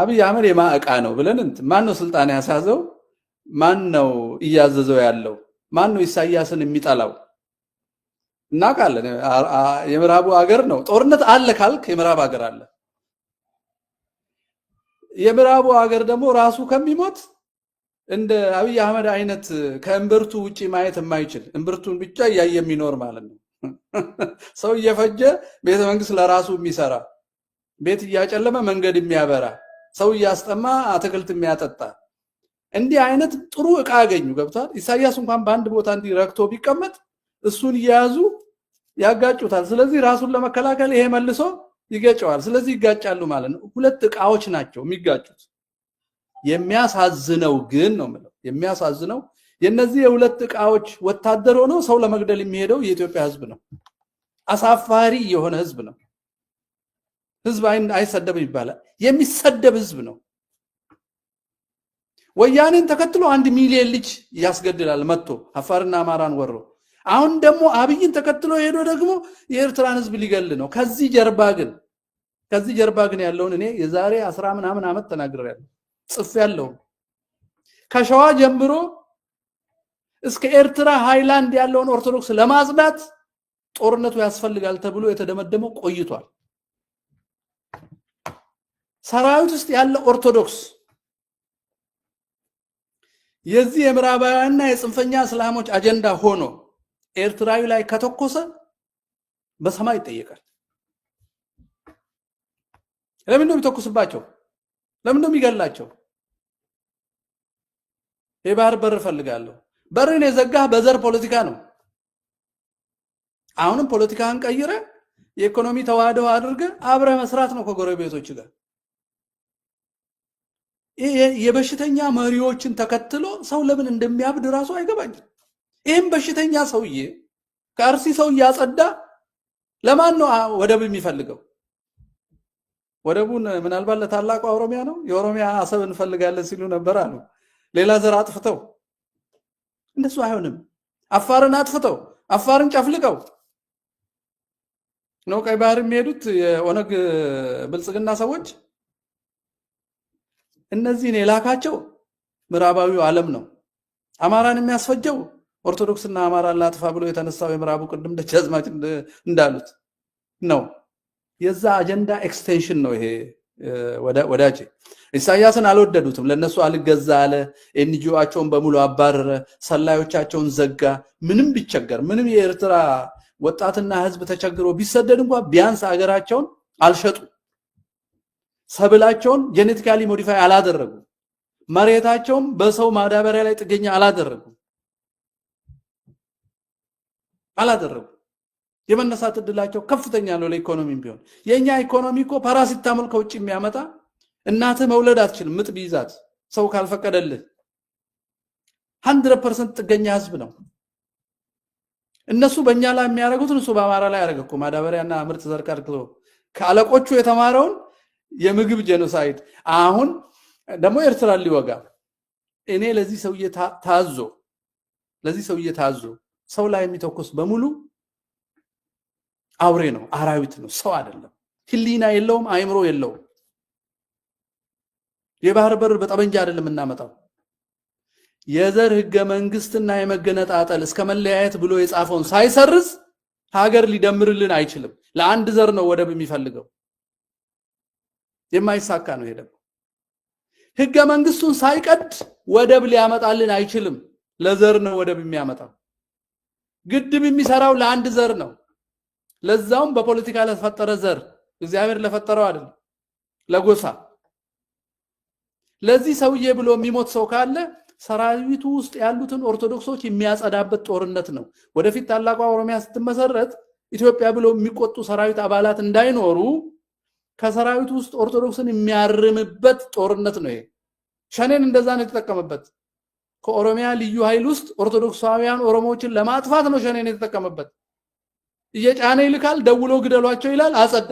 አብይ አህመድ የማ ነው ብለን እንትን ማን ነው ስልጣን ያሳዘው? ማን ነው እያዘዘው ያለው? ማን ነው ኢሳያስን የሚጠላው? እናውቃለን። የምዕራቡ አገር ነው። ጦርነት አለ ካልክ የምዕራብ ሀገር አለ። የምዕራቡ ሀገር ደግሞ ራሱ ከሚሞት እንደ አብይ አህመድ አይነት ከእምብርቱ ውጪ ማየት የማይችል እምብርቱን ብቻ እያየ የሚኖር ማለት ነው። ሰው እየፈጀ ቤተ መንግስት ለራሱ የሚሰራ ቤት እያጨለመ መንገድ የሚያበራ ሰው እያስጠማ አትክልት የሚያጠጣ እንዲህ አይነት ጥሩ እቃ አገኙ። ገብቷል። ኢሳያስ እንኳን በአንድ ቦታ እንዲህ ረክቶ ቢቀመጥ እሱን እየያዙ ያጋጩታል። ስለዚህ ራሱን ለመከላከል ይሄ መልሶ ይገጨዋል። ስለዚህ ይጋጫሉ ማለት ነው። ሁለት እቃዎች ናቸው የሚጋጩት። የሚያሳዝነው ግን ነው የምለው የሚያሳዝነው የነዚህ የሁለት እቃዎች ወታደር ሆኖ ሰው ለመግደል የሚሄደው የኢትዮጵያ ሕዝብ ነው። አሳፋሪ የሆነ ሕዝብ ነው። ህዝብ አይሰደብም ይባላል። የሚሰደብ ህዝብ ነው። ወያኔን ተከትሎ አንድ ሚሊዮን ልጅ ያስገድላል መጥቶ አፋርና አማራን ወሮ። አሁን ደግሞ አብይን ተከትሎ ሄዶ ደግሞ የኤርትራን ህዝብ ሊገል ነው። ከዚህ ጀርባ ግን ከዚህ ጀርባ ግን ያለውን እኔ የዛሬ አስራ ምናምን ዓመት ተናግሬያለሁ፣ ጽፌያለሁ። ከሸዋ ጀምሮ እስከ ኤርትራ ሃይላንድ ያለውን ኦርቶዶክስ ለማጽዳት ጦርነቱ ያስፈልጋል ተብሎ የተደመደመው ቆይቷል። ሰራዊት ውስጥ ያለ ኦርቶዶክስ የዚህ የምዕራባውያንና የጽንፈኛ እስላሞች አጀንዳ ሆኖ ኤርትራዊ ላይ ከተኮሰ በሰማይ ይጠየቃል። ለምን ነው የሚተኩስባቸው? ለምን ነው የሚገላቸው? የባህር በር እፈልጋለሁ። በርን የዘጋህ በዘር ፖለቲካ ነው። አሁንም ፖለቲካህን ቀይረ የኢኮኖሚ ተዋህዶ አድርገ አብረ መስራት ነው ከጎረቤቶች ጋር የበሽተኛ መሪዎችን ተከትሎ ሰው ለምን እንደሚያብድ እራሱ አይገባኝም። ይህም በሽተኛ ሰውዬ ከአርሲ ሰው እያጸዳ ለማን ነው ወደብ የሚፈልገው? ወደቡን ምናልባት ለታላቁ ኦሮሚያ ነው። የኦሮሚያ አሰብ እንፈልጋለን ሲሉ ነበር አሉ። ሌላ ዘር አጥፍተው እንደሱ አይሆንም። አፋርን አጥፍተው አፋርን ጨፍልቀው ነው ቀይ ባህር የሚሄዱት የኦነግ ብልጽግና ሰዎች። እነዚህን የላካቸው ምዕራባዊው ዓለም ነው። አማራን የሚያስፈጀው ኦርቶዶክስና አማራን ላጥፋ ብሎ የተነሳው የምዕራቡ ቅድም ደጃዝማች እንዳሉት ነው። የዛ አጀንዳ ኤክስቴንሽን ነው ይሄ። ወዳጅ ኢሳያስን አልወደዱትም። ለእነሱ አልገዛ አለ። ኤንጂዋቸውን በሙሉ አባረረ። ሰላዮቻቸውን ዘጋ። ምንም ቢቸገር ምንም የኤርትራ ወጣትና ሕዝብ ተቸግሮ ቢሰደድ እንኳ ቢያንስ አገራቸውን አልሸጡ። ሰብላቸውን ጄኔቲካሊ ሞዲፋይ አላደረጉ መሬታቸውም በሰው ማዳበሪያ ላይ ጥገኛ አላደረጉ አላደረጉ የመነሳት እድላቸው ከፍተኛ ነው። ለኢኮኖሚም ቢሆን የእኛ ኢኮኖሚ እኮ ፓራሲታሞል ከውጭ የሚያመጣ እናትህ መውለድ አትችልም፣ ምጥ ቢይዛት ሰው ካልፈቀደልህ። ሀንድረድ ፐርሰንት ጥገኛ ህዝብ ነው። እነሱ በእኛ ላይ የሚያደርጉትን እሱ በአማራ ላይ ያደረገ እኮ ማዳበሪያና ምርጥ ዘር ከአለቆቹ የተማረውን የምግብ ጀኖሳይድ። አሁን ደግሞ ኤርትራ ሊወጋ እኔ ለዚህ ሰውዬ ታዞ ለዚህ ሰውዬ ታዞ ሰው ላይ የሚተኮስ በሙሉ አውሬ ነው፣ አራዊት ነው፣ ሰው አይደለም። ህሊና የለውም፣ አይምሮ የለውም። የባህር በር በጠመንጃ አይደለም እናመጣው። የዘር ህገ መንግስትና የመገነጣጠል እስከ መለያየት ብሎ የጻፈውን ሳይሰርዝ ሀገር ሊደምርልን አይችልም። ለአንድ ዘር ነው ወደብ የሚፈልገው። የማይሳካ ነው። ይሄ ደግሞ ህገ መንግስቱን ሳይቀድ ወደብ ሊያመጣልን አይችልም። ለዘር ነው ወደብ የሚያመጣው። ግድብ የሚሰራው ለአንድ ዘር ነው፣ ለዛውም በፖለቲካ ለተፈጠረ ዘር፣ እግዚአብሔር ለፈጠረው አይደለም፣ ለጎሳ። ለዚህ ሰውዬ ብሎ የሚሞት ሰው ካለ ሰራዊቱ ውስጥ ያሉትን ኦርቶዶክሶች የሚያጸዳበት ጦርነት ነው። ወደፊት ታላቋ ኦሮሚያ ስትመሰረት ኢትዮጵያ ብሎ የሚቆጡ ሰራዊት አባላት እንዳይኖሩ ከሰራዊት ውስጥ ኦርቶዶክስን የሚያርምበት ጦርነት ነው ይሄ። ሸኔን እንደዛ ነው የተጠቀመበት። ከኦሮሚያ ልዩ ኃይል ውስጥ ኦርቶዶክሳውያን ኦሮሞዎችን ለማጥፋት ነው ሸኔን የተጠቀመበት። እየጫነ ይልካል፣ ደውሎ ግደሏቸው ይላል፣ አጸዳ።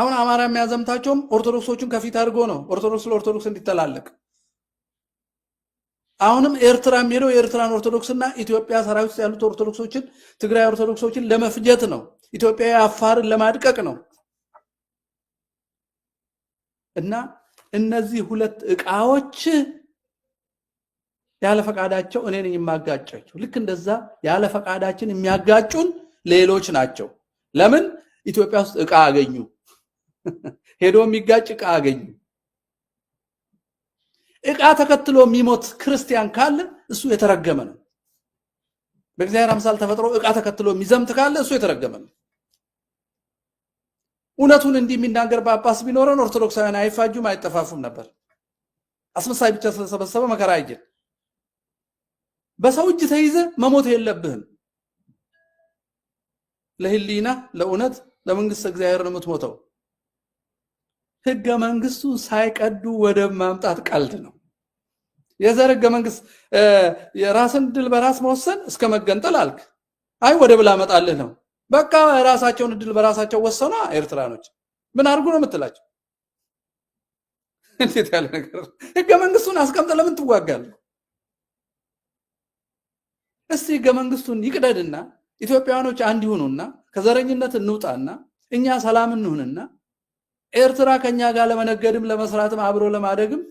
አሁን አማራ የሚያዘምታቸውም ኦርቶዶክሶቹን ከፊት አድርጎ ነው፣ ኦርቶዶክስ ለኦርቶዶክስ እንዲተላለቅ። አሁንም ኤርትራ የሚሄደው የኤርትራን ኦርቶዶክስና ኢትዮጵያ ሰራዊት ውስጥ ያሉት ኦርቶዶክሶችን፣ ትግራይ ኦርቶዶክሶችን ለመፍጀት ነው። ኢትዮጵያዊ አፋርን ለማድቀቅ ነው እና እነዚህ ሁለት እቃዎች ያለ ፈቃዳቸው እኔ ነኝ የማጋጫቸው። ልክ እንደዛ ያለ ፈቃዳችን የሚያጋጩን ሌሎች ናቸው። ለምን ኢትዮጵያ ውስጥ እቃ አገኙ፣ ሄዶ የሚጋጭ እቃ አገኙ። እቃ ተከትሎ የሚሞት ክርስቲያን ካለ እሱ የተረገመ ነው። በእግዚአብሔር አምሳል ተፈጥሮ እቃ ተከትሎ የሚዘምት ካለ እሱ የተረገመ ነው። እውነቱን እንዲህ የሚናገር ጳጳስ ቢኖረን ኦርቶዶክሳውያን አይፋጁም፣ አይጠፋፉም ነበር። አስመሳይ ብቻ ስለሰበሰበ መከራ አየን። በሰው እጅ ተይዘ መሞት የለብህም። ለህሊና፣ ለእውነት፣ ለመንግስት እግዚአብሔር ነው የምትሞተው። ህገ መንግስቱ ሳይቀዱ ወደብ ማምጣት ቀልድ ነው። የዘር ህገ መንግስት የራስን ድል በራስ መወሰን እስከ መገንጠል አልክ። አይ ብላ ላመጣልህ ነው በቃ ራሳቸውን እድል በራሳቸው ወሰኗ። ኤርትራኖች ምን አድርጉ ነው የምትላቸው? እንዴት ያለ ነገር! ህገ መንግስቱን አስቀምጠ ለምን ትዋጋለህ? እስቲ ህገ መንግስቱን ይቅደድና ኢትዮጵያውያኖች አንድ ይሁኑና ከዘረኝነት እንውጣና እኛ ሰላም እንሁንና ኤርትራ ከኛ ጋር ለመነገድም ለመስራትም አብሮ ለማደግም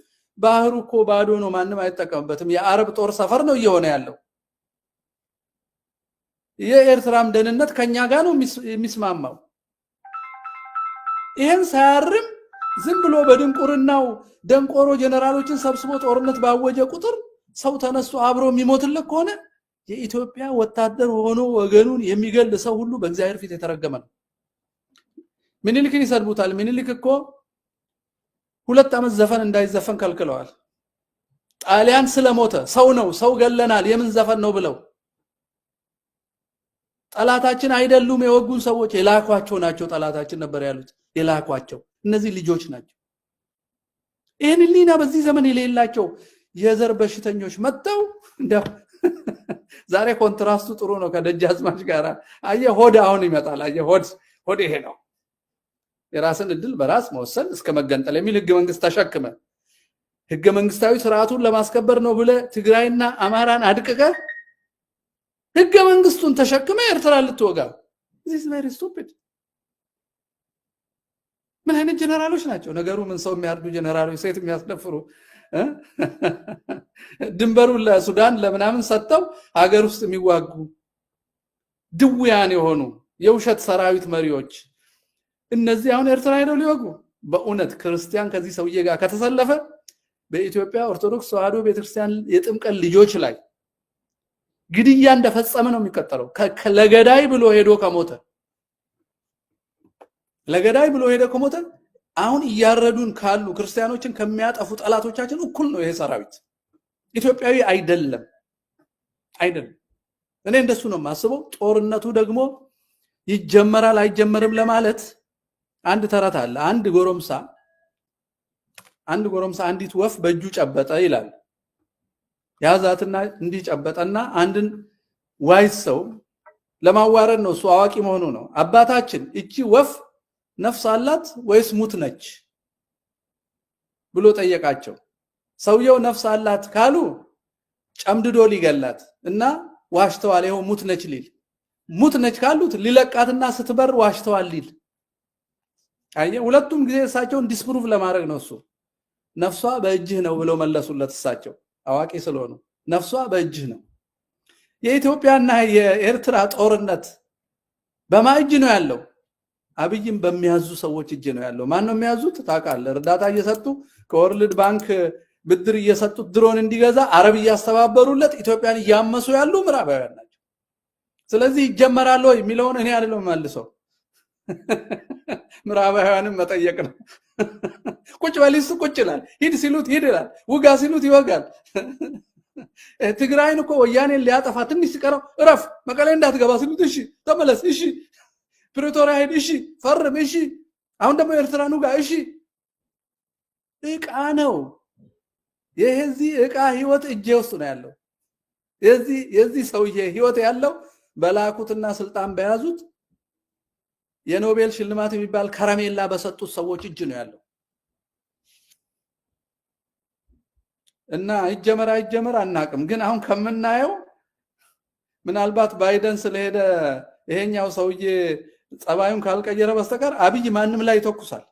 ባህሩ እኮ ባዶ ነው፣ ማንም አይጠቀምበትም። የአረብ ጦር ሰፈር ነው እየሆነ ያለው። የኤርትራም ደህንነት ከኛ ጋር ነው የሚስማማው። ይህን ሳያርም ዝም ብሎ በድንቁርናው ደንቆሮ ጀነራሎችን ሰብስቦ ጦርነት ባወጀ ቁጥር ሰው ተነስቶ አብሮ የሚሞትለት ከሆነ የኢትዮጵያ ወታደር ሆኖ ወገኑን የሚገል ሰው ሁሉ በእግዚአብሔር ፊት የተረገመ ነው። ምኒልክን ይሰድቡታል። ምኒልክ እኮ ሁለት ዓመት ዘፈን እንዳይዘፈን ከልክለዋል። ጣሊያን ስለሞተ ሰው ነው ሰው ገለናል የምን ዘፈን ነው ብለው ጠላታችን አይደሉም የወጉን ሰዎች የላኳቸው ናቸው ጠላታችን ነበር ያሉት የላኳቸው እነዚህ ልጆች ናቸው ይህን ሊና በዚህ ዘመን የሌላቸው የዘር በሽተኞች መጥተው እንደው ዛሬ ኮንትራስቱ ጥሩ ነው ከደጃዝማች ጋር አየ ሆድ አሁን ይመጣል አየ ሆድ ሆድ ይሄ ነው የራስን እድል በራስ መወሰን እስከ መገንጠል የሚል ህገ መንግስት ተሸክመ ህገ መንግስታዊ ስርዓቱን ለማስከበር ነው ብለ ትግራይና አማራን አድቅቀ ህገ መንግስቱን ተሸክመ ኤርትራ ልትወጋ ዚስ ቨሪ ስቱፒድ። ምን አይነት ጀነራሎች ናቸው? ነገሩ ምን ሰው የሚያርዱ ጀነራሎች፣ ሴት የሚያስደፍሩ ድንበሩን ለሱዳን ለምናምን ሰጥተው ሀገር ውስጥ የሚዋጉ ድውያን የሆኑ የውሸት ሰራዊት መሪዎች። እነዚህ አሁን ኤርትራ ሄደው ሊወጉ በእውነት ክርስቲያን ከዚህ ሰውዬ ጋር ከተሰለፈ በኢትዮጵያ ኦርቶዶክስ ተዋሕዶ ቤተክርስቲያን የጥምቀት ልጆች ላይ ግድያ እንደፈጸመ ነው የሚቀጠለው። ለገዳይ ብሎ ሄዶ ከሞተ ለገዳይ ብሎ ሄዶ ከሞተ አሁን እያረዱን ካሉ ክርስቲያኖችን ከሚያጠፉ ጠላቶቻችን እኩል ነው ይሄ ሰራዊት። ኢትዮጵያዊ አይደለም አይደለም። እኔ እንደሱ ነው የማስበው። ጦርነቱ ደግሞ ይጀመራል አይጀመርም ለማለት አንድ ተረት አለ። አንድ ጎረምሳ አንድ ጎረምሳ አንዲት ወፍ በእጁ ጨበጠ ይላል። ያዛትና እንዲህ አንድን ዋይስ ሰው ለማዋረድ ነው። እሱ አዋቂ መሆኑ ነው። አባታችን እቺ ወፍ ነፍስ አላት ወይስ ሙት ነች ብሎ ጠየቃቸው። ሰውየው ነፍስ አላት ካሉ ጨምድዶ ሊገላት እና ዋሽተዋል፣ ይኸው ሙት ነች ሊል ሙት ነች ካሉት ሊለቃትና ስትበር ዋሽተዋል ሊል አየህ፣ ሁለቱም ጊዜ እሳቸውን ዲስፕሩቭ ለማድረግ ነው። እሱ ነፍሷ በእጅህ ነው ብለው መለሱለት እሳቸው አዋቂ ስለሆኑ ነፍሷ በእጅህ ነው። የኢትዮጵያና የኤርትራ ጦርነት በማን እጅ ነው ያለው? አብይም በሚያዙ ሰዎች እጅ ነው ያለው። ማን ነው የሚያዙት? ታውቃለህ? እርዳታ እየሰጡ ከወርልድ ባንክ ብድር እየሰጡት ድሮን እንዲገዛ አረብ እያስተባበሩለት ኢትዮጵያን እያመሱ ያሉ ምዕራባውያን ናቸው። ስለዚህ ይጀመራል ወይ የሚለውን እኔ አይደለም መልሰው ምዕራባውያንም መጠየቅ ነው። ቁጭ በል እሱ ቁጭ ይላል። ሂድ ሲሉት ሂድ ይላል። ውጋ ሲሉት ይወጋል። ትግራይን እኮ ወያኔን ሊያጠፋ ትንሽ ሲቀረው እረፍ መቀሌ እንዳትገባ ሲሉት እሺ፣ ተመለስ፣ እሺ፣ ፕሪቶሪያ ሂድ፣ እሺ፣ ፈርም፣ እሺ፣ አሁን ደግሞ ኤርትራን ውጋ፣ እሺ። እቃ ነው የዚህ እቃ ህይወት እጄ ውስጥ ነው ያለው። የዚህ ሰውዬ ህይወት ያለው በላኩትና ስልጣን በያዙት የኖቤል ሽልማት የሚባል ከረሜላ በሰጡት ሰዎች እጅ ነው ያለው እና ይጀመር አይጀመር አናቅም። ግን አሁን ከምናየው ምናልባት ባይደን ስለሄደ ይሄኛው ሰውዬ ጸባዩን ካልቀየረ በስተቀር አብይ ማንም ላይ ይተኩሳል።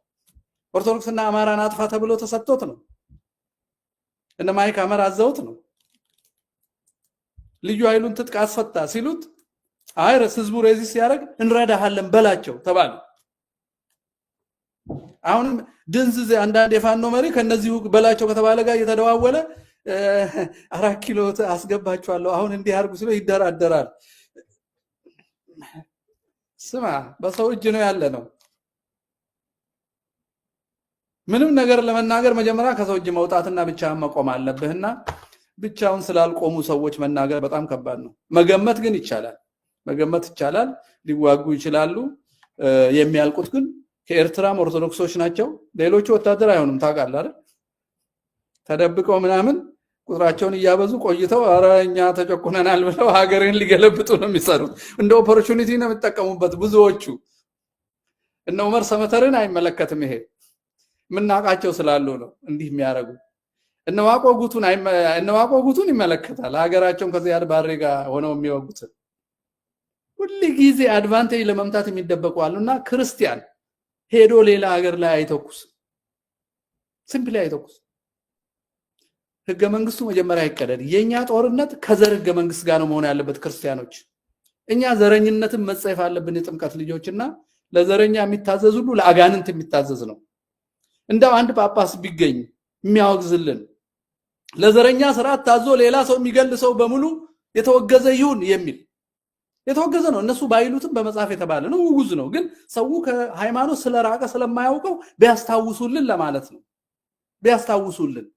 ኦርቶዶክስና አማራን አጥፋ ተብሎ ተሰጥቶት ነው። እነ ማይክ አመር አዘውት ነው። ልዩ ኃይሉን ትጥቅ አስፈታ ሲሉት አይ ህዝቡ ሬዚስ ሲያደርግ እንረዳሃለን በላቸው ተባለ። አሁንም ድንዝ አንዳንድ የፋኖ መሪ ከነዚሁ በላቸው ከተባለ ጋር እየተደዋወለ አራት ኪሎ አስገባችኋለሁ አሁን እንዲህ አድርጉ ስለ ይደራደራል። ስማ በሰው እጅ ነው ያለ ነው። ምንም ነገር ለመናገር መጀመሪያ ከሰው እጅ መውጣትና ብቻህን መቆም አለብህና ብቻውን ስላልቆሙ ሰዎች መናገር በጣም ከባድ ነው። መገመት ግን ይቻላል። መገመት ይቻላል። ሊዋጉ ይችላሉ። የሚያልቁት ግን ከኤርትራም ኦርቶዶክሶች ናቸው። ሌሎቹ ወታደር አይሆኑም። ታውቃለህ አይደል? ተደብቀው ምናምን ቁጥራቸውን እያበዙ ቆይተው ኧረ እኛ ተጨቁነናል ብለው ሀገርን ሊገለብጡ ነው የሚሰሩት። እንደ ኦፖርቹኒቲ ነው የሚጠቀሙበት ብዙዎቹ። እነ ኡመር ሰመተርን አይመለከትም ይሄ የምናውቃቸው ስላሉ ነው እንዲህ የሚያደርጉ። እነ ዋቆ ጉቱን ይመለከታል። ሀገራቸውን ከዚያድ ባሬ ጋር ሆነው የሚወጉትን ሁል ጊዜ አድቫንቴጅ ለመምታት የሚደበቁ አሉ እና ክርስቲያን ሄዶ ሌላ ሀገር ላይ አይተኩስ፣ ሲምፕሊ አይተኩስ። ህገ መንግስቱ መጀመሪያ ይቀደድ። የእኛ ጦርነት ከዘር ህገ መንግስት ጋር ነው መሆን ያለበት። ክርስቲያኖች እኛ ዘረኝነትን መጸየፍ አለብን። የጥምቀት ልጆች እና ለዘረኛ የሚታዘዝ ሁሉ ለአጋንንት የሚታዘዝ ነው። እንደው አንድ ጳጳስ ቢገኝ የሚያወግዝልን ለዘረኛ ስርዓት ታዞ ሌላ ሰው የሚገል ሰው በሙሉ የተወገዘ ይሁን የሚል የተወገዘ ነው። እነሱ ባይሉትም በመጽሐፍ የተባለ ነው፣ ውጉዝ ነው። ግን ሰው ከሃይማኖት ስለራቀ ስለማያውቀው ቢያስታውሱልን ለማለት ነው። ቢያስታውሱልን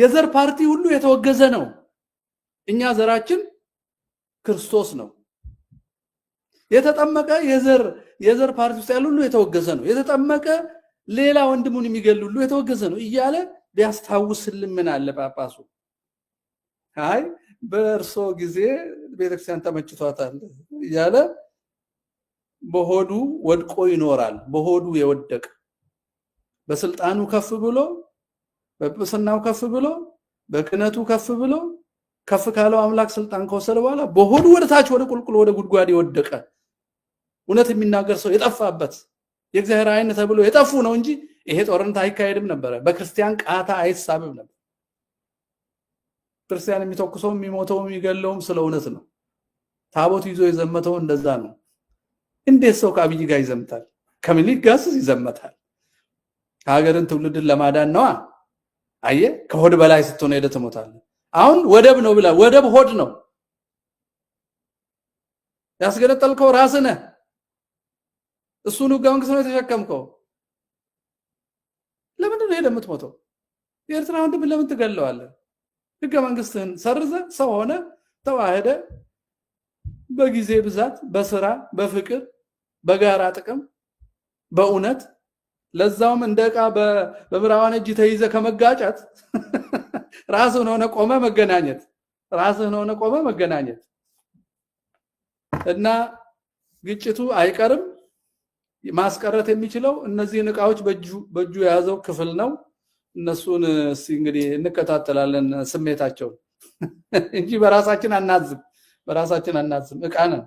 የዘር ፓርቲ ሁሉ የተወገዘ ነው። እኛ ዘራችን ክርስቶስ ነው። የተጠመቀ የዘር የዘር ፓርቲ ውስጥ ያሉ ሁሉ የተወገዘ ነው። የተጠመቀ ሌላ ወንድሙን የሚገል ሁሉ የተወገዘ ነው እያለ ቢያስታውስልን ምን አለ ጳጳሱ? አይ በእርሶ ጊዜ ቤተክርስቲያን ተመችቷታል እያለ በሆዱ ወድቆ ይኖራል። በሆዱ የወደቀ በስልጣኑ ከፍ ብሎ በጵስናው ከፍ ብሎ በክነቱ ከፍ ብሎ ከፍ ካለው አምላክ ስልጣን ከወሰደ በኋላ በሆዱ ወደ ታች ወደ ቁልቁል ወደ ጉድጓድ የወደቀ እውነት የሚናገር ሰው የጠፋበት የእግዚአብሔር ዓይን ተብሎ የጠፉ ነው እንጂ ይሄ ጦርነት አይካሄድም ነበረ። በክርስቲያን ቃታ አይሳብም ነበር። ክርስቲያን የሚተኩሰው የሚሞተው የሚገለውም ስለ እውነት ነው። ታቦት ይዞ የዘመተው እንደዛ ነው። እንዴት ሰው ከአብይ ጋር ይዘምታል? ከምኒልክ ጋርስ ይዘመታል? ሀገርን ትውልድን ለማዳን ነዋ። አየ ከሆድ በላይ ስትሆን ሄደ ትሞታለ። አሁን ወደብ ነው ብላ ወደብ ሆድ ነው ያስገነጠልከው ራስነ እሱን ህገ መንግስት ነው የተሸከምከው። ለምንድን ነው ሄደ የምትሞተው? የኤርትራ ወንድም ለምን ትገለዋለህ? ህገ መንግስትህን ሰርዘ ሰው ሆነ ተዋህደ በጊዜ ብዛት በስራ በፍቅር በጋራ ጥቅም በእውነት ለዛውም እንደ ዕቃ በምዕራባን እጅ ተይዘ ከመጋጨት ራስህን ሆነ ቆመ መገናኘት ራስህን ሆነ ቆመ መገናኘት እና ግጭቱ አይቀርም። ማስቀረት የሚችለው እነዚህን ዕቃዎች በእጁ የያዘው ክፍል ነው። እነሱን እንግዲህ እንከታተላለን ስሜታቸውን እንጂ በራሳችን አናዝም፣ በራሳችን አናዝም እቃ ነን።